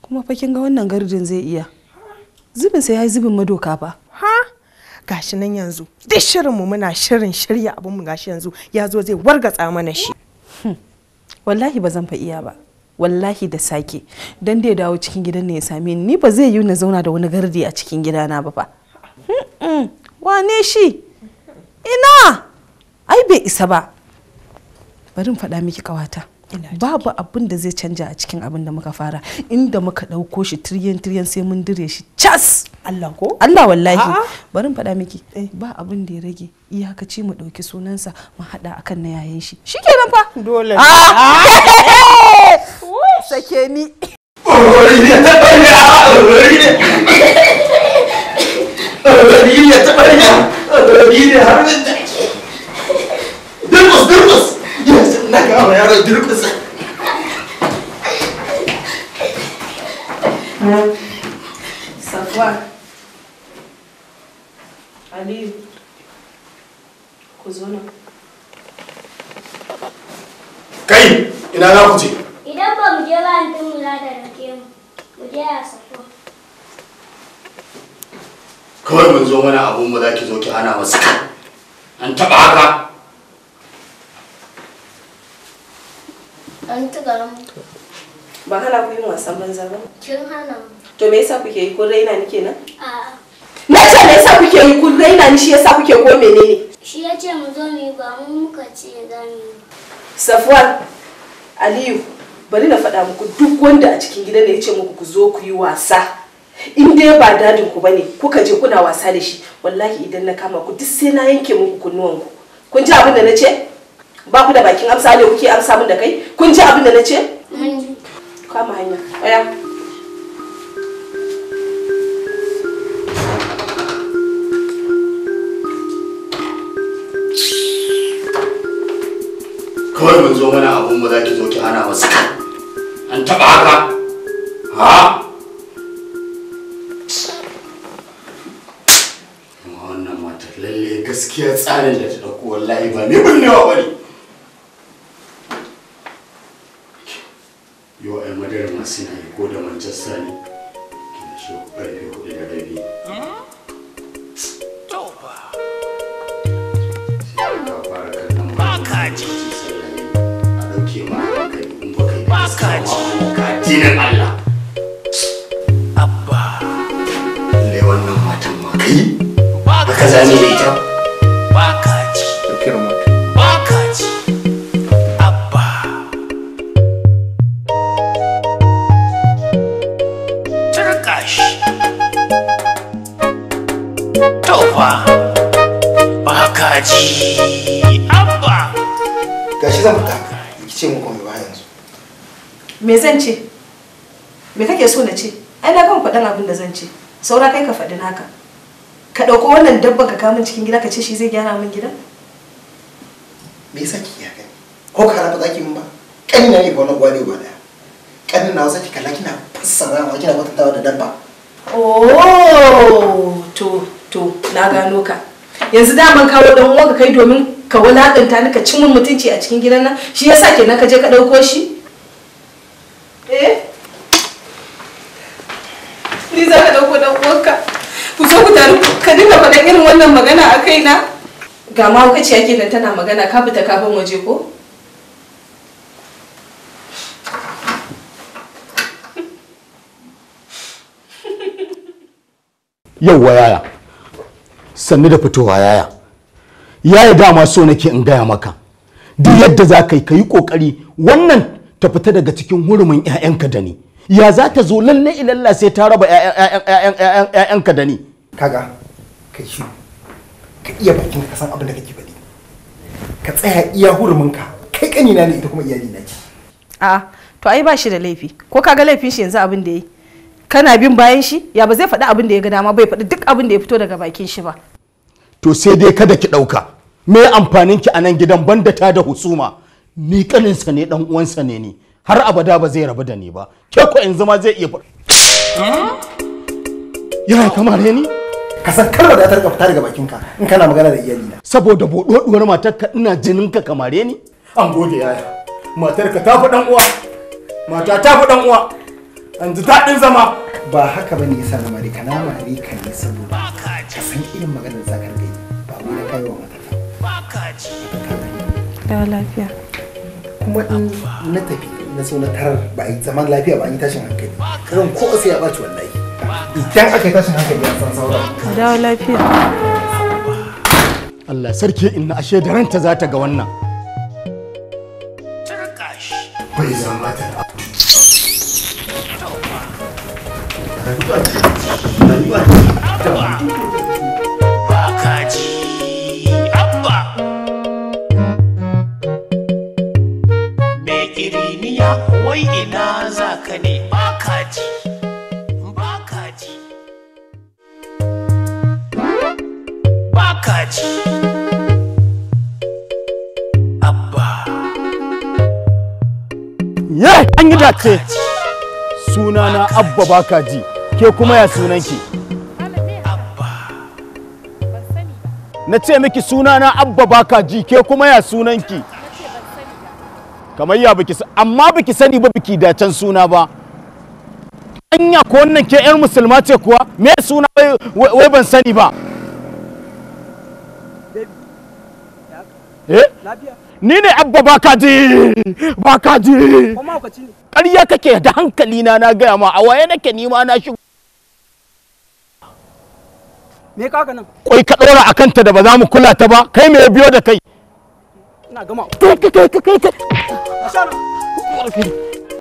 kuma fa kin ga wannan garjin zai iya zubin sai yayi zubin madoka ba ha gashi nan yanzu duk shirin mu muna shirin shirya mu gashi yanzu ya zo zai wargatsa mana shi hmm. wallahi ba zan fa iya ba wallahi da sake don da ya dawo cikin gidan ne ya same ni ba zai yi na zauna da wani gardi a cikin gidana ba fa wane shi ina ai bai isa ba bari in faɗa miki kawata babu abin da zai canja a cikin abin da muka fara inda muka ɗauko shi tiryan tiryan sai mun dire shi cas Allah ko Allah wallahi bari faɗa miki eh. ba abin da ya rage iyakaci mu ɗauki sunansa mu haɗa akan na yayin shi shikenan fa dole ah! sake ni Safuwa. Aliyu, ku zo nan. Kai, ina za ku je? Idan ba mu je ba an tun mula da rake mu, je a sako. Kawai mun zo mana abun mu za ki zo ki hana masa. An taɓa haka. An tuga Ba hana ku yin wasan banza ba? Kin hana To me yasa kuke yi ko raina ni kenan? A'a. yasa kuke yi kun raina ni shi yasa kuke ko menene shi ya ce mu zo mu yi ba mu muka ce za mu yi safwan aliyu bari na faɗa muku duk wanda a cikin gidan ya ce muku ku zo ku yi wasa in dai ba dadin ku bane kuka je kuna wasa da shi wallahi idan na kama ku duk sai na yanke muku kunnuwan ku kun ji abin da na ce ba ku da bakin amsa ne kuke amsa min da kai kun ji abin da na ce kama hanya aya kawai mun zo mana abun ba za ki zo ki hana masa an taba haka ha kuma wannan matar lalle gaskiya tsarin da ta dauko wallahi ba ne bullewa bane yau ai madara masu na ko da manchester ne ki so karfe hudu da rabi hmm? kaji jinin Allah abba le wannan matan ma kai ba ka zame da ita ba kaji ba kaji abba turkashi tofa ba kaji abba gashi zan fita ki ce mu komai me zan ce me kake so na ce ai na gama faɗin abin da zan ce saura kai ka faɗi naka ka ɗauko wannan dabban ka kamun cikin gida ka ce shi zai gyara min gidan me yasa ki ya gani ko ka rafa zaki min ba kani na ne ba na gwale ba da kani na wasu kika kalla kina fassara wa kina mutuntawa da dabba oh to to na gano ka yanzu daman kawo dan uwanka kai domin ka wulaƙanta ni ka cin mutunci a cikin gidan nan shi yasa kenan ka je ka ɗauko shi Eh? ni za ka ɗauko ɗan uwanka ku zo ku taru ka dinga faɗan irin wannan magana a kaina ga ma kace yake nan tana magana ka fita ka ban waje ko yauwa yaya sannu da fitowa yaya yaya dama so nake in gaya maka duk yadda za ka yi ka yi ƙoƙari wannan ta fita daga cikin hurumin 'ya'yanka da ni ya za ta zo lalle ilalla sai ta raba 'ya'yanka da ni kaga ka shi ka iya bakin ka san abin da kake faɗi ka tsaya iya hurumin ka kai kanina ne ita kuma iyali na ce a to ai ba shi da laifi ko kaga laifin shi yanzu abin da yi kana bin bayan shi ya ba zai faɗi abin da ya ga dama bai faɗi duk abin da ya fito daga bakin shi ba to sai dai kada ki ɗauka me amfanin ki a nan gidan banda ta da husuma ni kaninsa ne dan uwansa ne ni har abada ba zai rabu da ni ba ke ko yanzu ma zai iya yana kamar ni ka san kar da ta fita daga bakinka in kana magana da iyali na saboda bododuwar ka ina jinin ka kamare ni an gode yaya matar ka ta fi dan uwa mata ta fi dan uwa an ji daɗin zama ba haka ba ne yasa na mare kana mare ka ne saboda ka san irin maganar zakar gai ba ma na kai wa matarka ba ka ji da lafiya kuma in na tafi na so na tarar ba a yi zaman lafiya ba a yi tashin hankali ko sai ya ɓaci wallahi idan aka yi tashin hankali ya san sauran ka dawo lafiya Allah sarki inna ashe da ranta za ta ga wannan bai zama ta rayuwa ce na wai ina za ka ne ba ka ji ba ka ji ba ka ji abba ye an yi dace sunana abba ba ka ji ke kuma ya sunanki na ce miki sunana abba ba ka ji ke kuma ya sunanki kamar ya biki amma biki sani ba biki can suna ba anya ko wannan ke yar musulma ce kuwa me suna wai ban sani ba eh ni ne abba baka ji baka ji ƙarya kake da hankali na na gaya ma a waye nake ni ma na shigo me ka nan koi ka dora akanta da ba za mu kula ta ba kai me biyo da kai Nou, kom op. Kijk, kijk, kijk, kijk. Wat